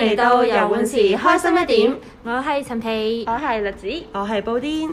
嚟到游泳池，開心一點。我係陳皮，我係栗子，我係布丁。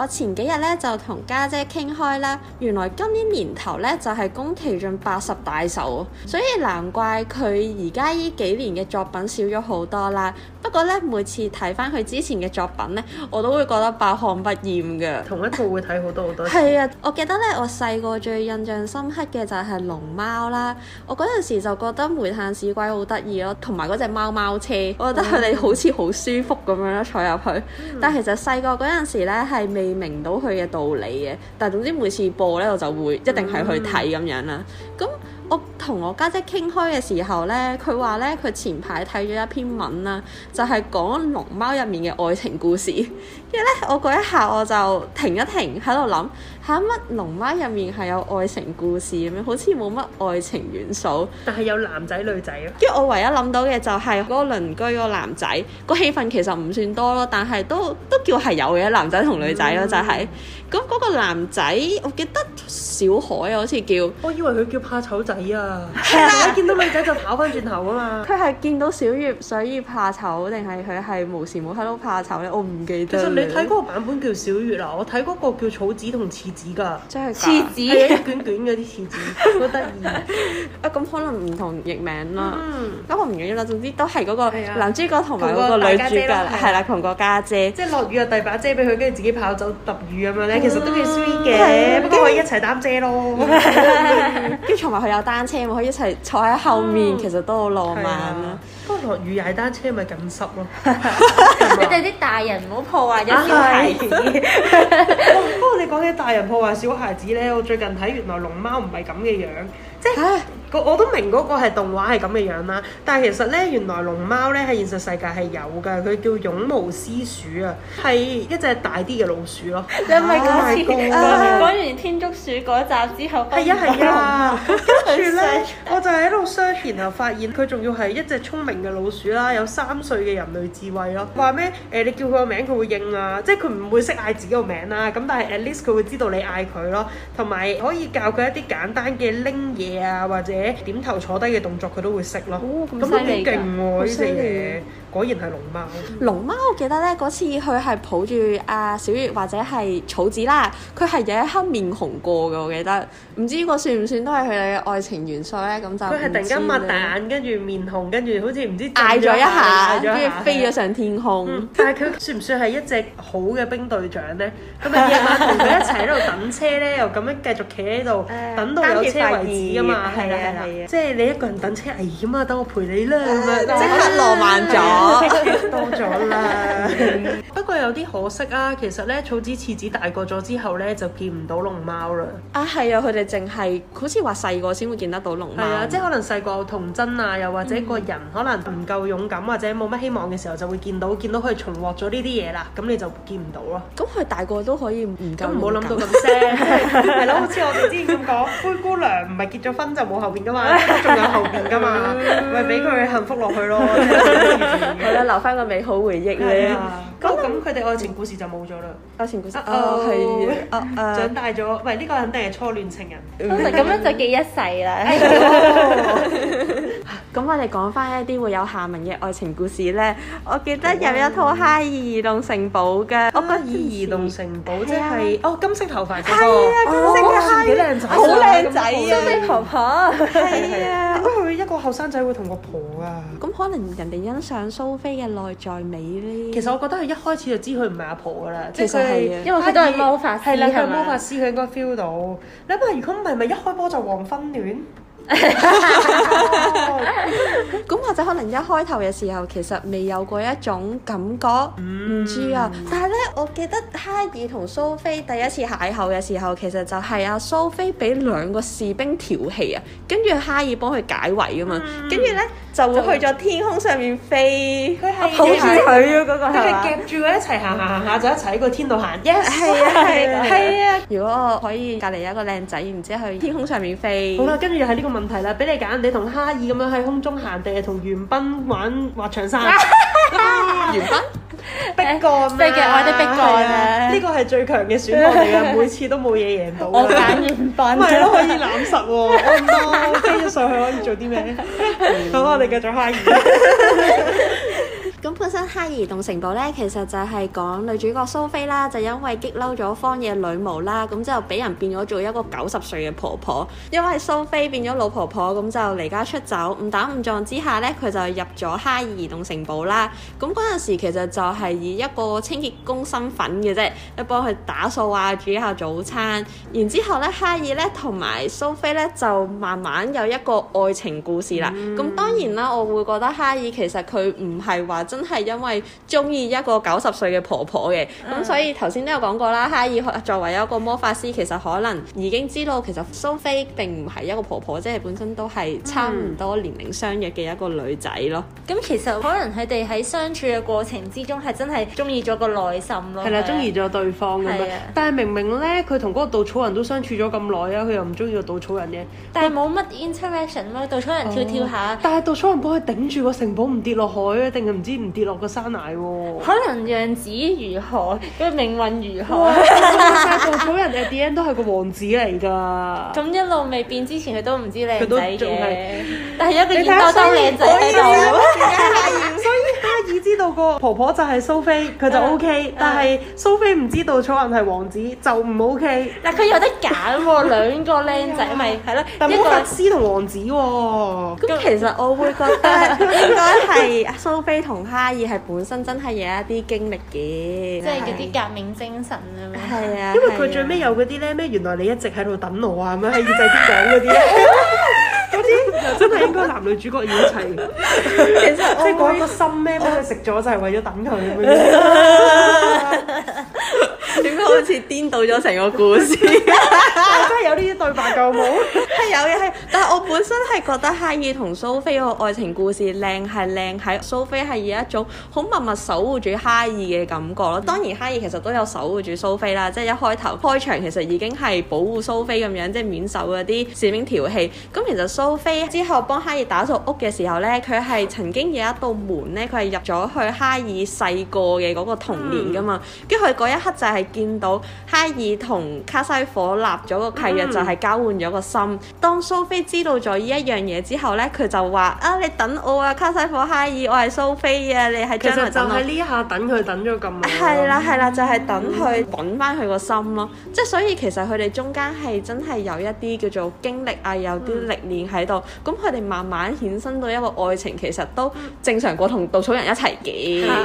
我前幾日咧就同家姐傾開啦，原來今年年頭咧就係、是、宮崎駿八十大壽啊，所以難怪佢而家依幾年嘅作品少咗好多啦。不過咧每次睇翻佢之前嘅作品咧，我都會覺得百看不厭㗎。同一部會睇好多好 多次。係 啊，我記得咧，我細個最印象深刻嘅就係《龍貓》啦。我嗰陣時就覺得煤炭屎鬼好得意咯，同埋嗰隻貓貓車，我覺得佢哋好似好舒服咁樣咯，坐入去。嗯、但其實細個嗰陣時咧係未。明，明到佢嘅道理嘅，但係總之每次播咧，我就會一定係去睇咁樣啦。咁、嗯。我同我家姐傾開嘅時候呢，佢話呢，佢前排睇咗一篇文啦，就係講龍貓入面嘅愛情故事。跟住呢，我嗰一下我就停一停喺度諗吓乜龍貓入面係有愛情故事嘅咩？好似冇乜愛情元素，但係有男仔女仔咯。跟住我唯一諗到嘅就係嗰個鄰居個男仔，個氣氛其實唔算多咯，但係都都叫係有嘅男仔同女仔咯，嗯，就係咁嗰個男仔，我記得小海好似叫。我以為佢叫怕醜仔。係啊，但係我見到女仔就跑翻轉頭啊嘛。佢係見到小月所以怕醜，定係佢係無時無刻都怕醜咧？我唔記得。你睇嗰個版本叫小月啊？我睇嗰個叫草紙同廁紙㗎。真係廁紙，一卷卷嗰啲廁紙，好得意啊！咁可能唔同譯名啦。嗯，咁我唔記憶啦。總之都係嗰個男主角同埋嗰個女主角係啦，同個家姐。即係落雨又遞把遮俾佢，跟住自己跑走揼雨咁樣咧，其實都幾 sweet 嘅。不過可以一齊擔遮咯，兼且埋佢有。單車咪可以一齊坐喺後面，嗯，其實都好浪漫啊！不過落雨踩單車咪咁濕咯。你哋啲大人唔好破壞小孩子。不過你講起大人破壞小孩子咧，我最近睇原來龍貓唔係咁嘅樣，樣，即係。 我都明嗰個係動畫係咁嘅樣啦，但係其實呢，原來龍貓呢喺現實世界係有㗎，佢叫勇無思鼠啊，係一隻大啲嘅老鼠咯。你係咪講完天竺鼠嗰集之後？係啊係啊，跟住呢， 我就喺度 search 然後發現佢仲要係一隻聰明嘅老鼠啦，有三歲嘅人類智慧咯。話咩？誒、呃，你叫佢個名，佢會應啊，即係佢唔會識嗌自己個名啦。咁但係 at least 佢會知道你嗌佢咯，同埋可以教佢一啲簡單嘅拎嘢啊，或者～點頭坐低嘅動作佢都會識咯，咁樣好勁喎，呢啲嘢。果然係龍貓。龍貓，我記得咧，嗰次佢係抱住阿小月或者係草子啦，佢係有一刻面紅過嘅，我記得。唔知呢個算唔算都係佢哋嘅愛情元素咧？咁就佢係突然間擘大眼，跟住面紅，跟住好似唔知嗌咗一下，跟住飛咗上天空。但係佢算唔算係一隻好嘅兵隊長咧？咁啊夜晚同佢一齊喺度等車咧，又咁樣繼續企喺度等到有車為止啊嘛。係啦係啦，即係你一個人等車危險啊，等我陪你啦，即刻浪漫咗。多 咗 了啦，不過有啲可惜啊，其實咧草籽、柿子大個咗之後咧就見唔到龍貓啦。啊係啊，佢哋淨係好似話細個先會見得到龍貓，係啊，即係可能細個童真啊，又或者個人可能唔夠勇敢或者冇乜希望嘅時候就會見到見到佢重獲咗呢啲嘢啦，咁你就見唔到咯。咁佢、啊、大個都可以唔夠唔好諗到咁聲，係咯？好似我哋之前咁講，灰姑娘唔係結咗婚就冇後邊噶嘛，仲 有後邊噶嘛，咪俾佢幸福落去咯。就是 係啦，留翻個美好回憶咧。咁咁，佢哋愛情故事就冇咗啦。愛情故事哦，係啊，啊啊，長大咗，喂，呢個肯定係初戀情人。咁樣就記一世啦。咁我哋講翻一啲會有下文嘅愛情故事咧。我記得有一套《哈爾移動城堡》噶，乜《移移動城堡》即係哦，金色頭髮嗰個。係啊，金色嘅哈利，好靚仔啊，金色嘅婆婆。係啊。一個後生仔會同個婆啊！咁可能人哋欣賞蘇菲嘅內在美呢？其實我覺得佢一開始就知佢唔係阿婆噶啦，即係因為佢記都係魔法師係嘛？佢係魔法師，佢應該 feel 到。你諗下，如果唔係，咪一開波就黃昏戀？咁或者可能一開頭嘅時候其實未有過一種感覺，唔知啊。但係咧，我記得哈爾同蘇菲第一次邂逅嘅時候，其實就係阿蘇菲俾兩個士兵調戲啊，跟住哈爾幫佢解圍啊嘛。跟住咧就會去咗天空上面飛，抱住佢啊嗰個係嘛？夾住佢一齊行行行下，就一齊喺個天度行，yes，係啊係啊。如果可以隔籬有一個靚仔，然之後喺天空上面飛，好啦，跟住又喺呢個。問題啦，俾你揀，你同哈爾咁樣喺空中行，定係，同袁彬玩滑翔傘？袁彬，迫降了，飛機愛的迫降，呢個係最強嘅選項嚟嘅，每次都冇嘢贏到。我揀袁彬，可以攬實喎。啊媽，飛機上去可以做啲咩？ 好，我哋繼續哈爾。 咁本身《哈爾移動城堡》咧，其實就係講女主角蘇菲啦，就因為激嬲咗荒野女巫啦，咁就俾人變咗做一個九十歲嘅婆婆。因為蘇菲變咗老婆婆，咁就離家出走，誤打誤撞之下咧，佢就入咗哈爾移動城堡啦。咁嗰陣時其實就係以一個清潔工身份嘅啫，去幫佢打掃啊，煮下早餐。然之後咧，哈爾咧同埋蘇菲咧就慢慢有一個愛情故事啦。咁、嗯、當然啦，我會覺得哈爾其實佢唔係話。真係因為中意一個九十歲嘅婆婆嘅，咁、嗯、所以頭先都有講過啦。哈爾作為一個魔法師，其實可能已經知道其實蘇、so、菲並唔係一個婆婆，即係本身都係差唔多年齡相約嘅一個女仔咯。咁、嗯、其實可能佢哋喺相處嘅過程之中係真係中意咗個內心咯。係啦的，中意咗對方咁樣，的但係明明咧，佢同個稻草人都相處咗咁耐啊，佢又唔中意個稻草人嘅。但係冇乜 interaction 咯，稻草人跳跳下。哦、但係稻草人幫佢頂住個城堡唔跌落海啊，定係唔知？唔跌落個山奶、哦、可能樣子如何，佢命運如何，做曬稻草人嘅 DNA 都係個王子嚟㗎。咁一路未變之前，佢都唔知靚仔嘅，但係一個現兜兜靚仔喺度。 知道個婆婆就係蘇菲，佢就 O K，但係蘇菲唔知道楚人係王子就唔 O K。嗱，佢有得揀兩個靚仔咪係咯，一個法師同王子喎。咁其實我會覺得應該係蘇菲同哈爾係本身真係有一啲經歷嘅，即係嗰啲革命精神啊。係啊，因為佢最尾有嗰啲咧咩，原來你一直喺度等我啊咁樣喺耳仔邊講嗰啲 真係應該男女主角喺一齊，其實即係講呢個心咩，俾佢食咗就係為咗等佢 點解好似顛倒咗成個故事？真係有呢啲對白夠冇？係有嘅，係，但係我本身係覺得哈爾同蘇菲個愛情故事靚係靚喺蘇菲係以一種好默默守護住哈爾嘅感覺咯。當然哈爾其實都有守護住蘇菲啦，即係一開頭開場其實已經係保護蘇菲咁樣，即係免受嗰啲士兵調戲。咁其實蘇菲之後幫哈爾打掃屋嘅時候呢，佢係曾經有一道門呢，佢係入咗去哈爾細個嘅嗰個童年噶嘛。跟住佢嗰一刻就係、是。見到哈爾同卡西火立咗個契約，嗯、就係交換咗個心。當蘇菲知道咗呢一樣嘢之後呢，佢就話：啊，你等我啊，卡西火哈爾，我係蘇菲啊，你喺將來就係呢下，等佢等咗咁耐。係啦係啦，就係、是、等佢揾翻佢個心咯。即係、嗯、所以其實佢哋中間係真係有一啲叫做經歷啊，有啲歷練喺度。咁佢哋慢慢衍生到一個愛情，其實都正常過同稻草人一齊嘅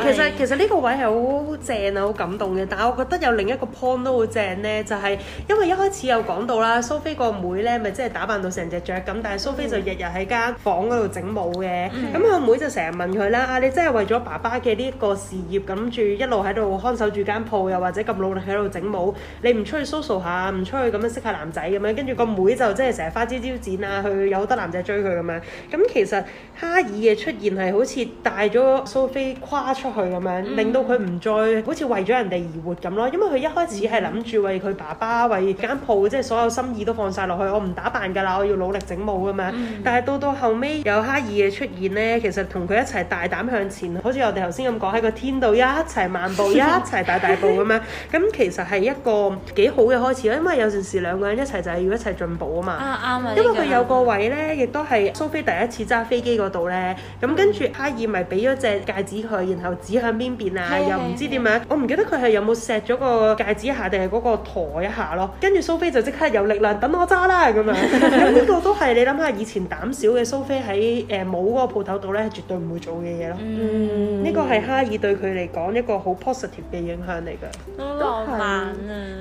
是是。其實其實呢個位係好正啊，好感動嘅。但係我覺得有。另一個 point 都好正咧，就係、是、因為一開始有講到啦，蘇菲個妹咧，咪即係打扮到成隻雀咁，但係蘇菲就日日喺間房嗰度整帽嘅。咁個妹就成日問佢啦：啊，你真係為咗爸爸嘅呢個事業，跟住一路喺度看守住間鋪，又或者咁努力喺度整帽，你唔出去 social 下，唔出去咁樣識下男仔咁樣，跟住個妹就即係成日花枝招展啊，去有好多男仔追佢咁樣。咁、嗯嗯、其實哈爾嘅出現係好似帶咗蘇菲跨出去咁樣，令到佢唔再好似為咗人哋而活咁咯，因為佢一開始係諗住為佢爸爸、嗯、為間鋪，即、就、係、是、所有心意都放晒落去。我唔打扮㗎啦，我要努力整舞㗎嘛。嗯、但係到到後尾有哈爾嘅出現呢，其實同佢一齊大膽向前，好似我哋頭先咁講喺個天度一齊漫步， 一齊大大步咁樣。咁其實係一個幾好嘅開始，因為有陣時兩個人一齊就係要一齊進步啊嘛。啱啊，啊因為佢有個位呢，亦都係蘇菲第一次揸飛機嗰度呢。咁跟住哈爾咪俾咗隻戒指佢，然後指向邊邊啊，啊又唔知點樣、啊。啊啊啊、我唔記得佢係有冇錫咗。個戒指一下定係嗰個台一下咯，跟住蘇菲就即刻有力量，等我揸啦咁樣。呢、 嗯呢個都係你諗下以前膽小嘅蘇菲喺誒帽嗰個鋪頭度咧，絕對唔會做嘅嘢咯。嗯，呢個係哈爾對佢嚟講一個好 positive 嘅影響嚟㗎。好浪漫啊，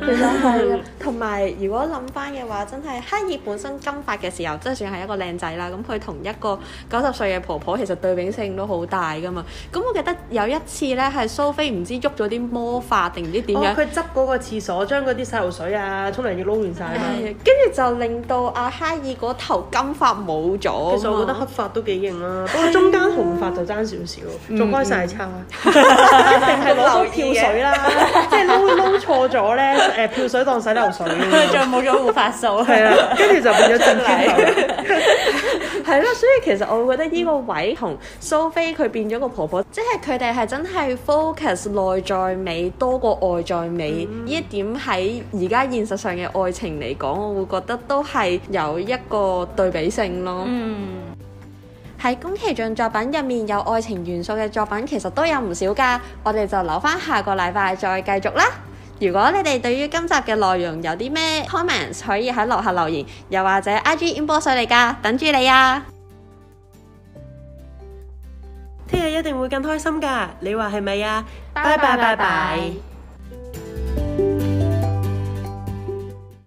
係啊是，同埋 如果諗翻嘅話，真係哈爾本身金髮嘅時候，真係算係一個靚仔啦。咁佢同一個九十歲嘅婆婆，其實對比性都好大㗎嘛。咁我記得有一次咧，係蘇菲唔知喐咗啲魔法定唔知點樣。佢執嗰個廁所，將嗰啲洗頭水啊、沖涼液撈亂曬，跟住就令到阿哈爾嗰頭金髮冇咗。其實我覺得黑髮都幾型啦，不過中間紅髮就爭少少，仲開晒叉，一定係攞少漂水啦，即係撈撈錯咗咧，誒漂水當洗頭水，仲冇咗護髮素，係啊，跟住就變咗寸尖頭，係啦，所以其實我會覺得呢個位同蘇菲佢變咗個婆婆，即係佢哋係真係 focus 內在美多過外在。愛美呢一點喺而家現實上嘅愛情嚟講，我會覺得都係有一個對比性咯。嗯，喺宮崎駿作品入面有愛情元素嘅作品，其實都有唔少噶。我哋就留翻下個禮拜再繼續啦。如果你哋對於今集嘅內容有啲咩 comments，可以喺樓下留言，又或者 IG inbox 上嚟噶，等住你啊！聽日一定會更開心噶，你話係咪啊？拜拜拜拜。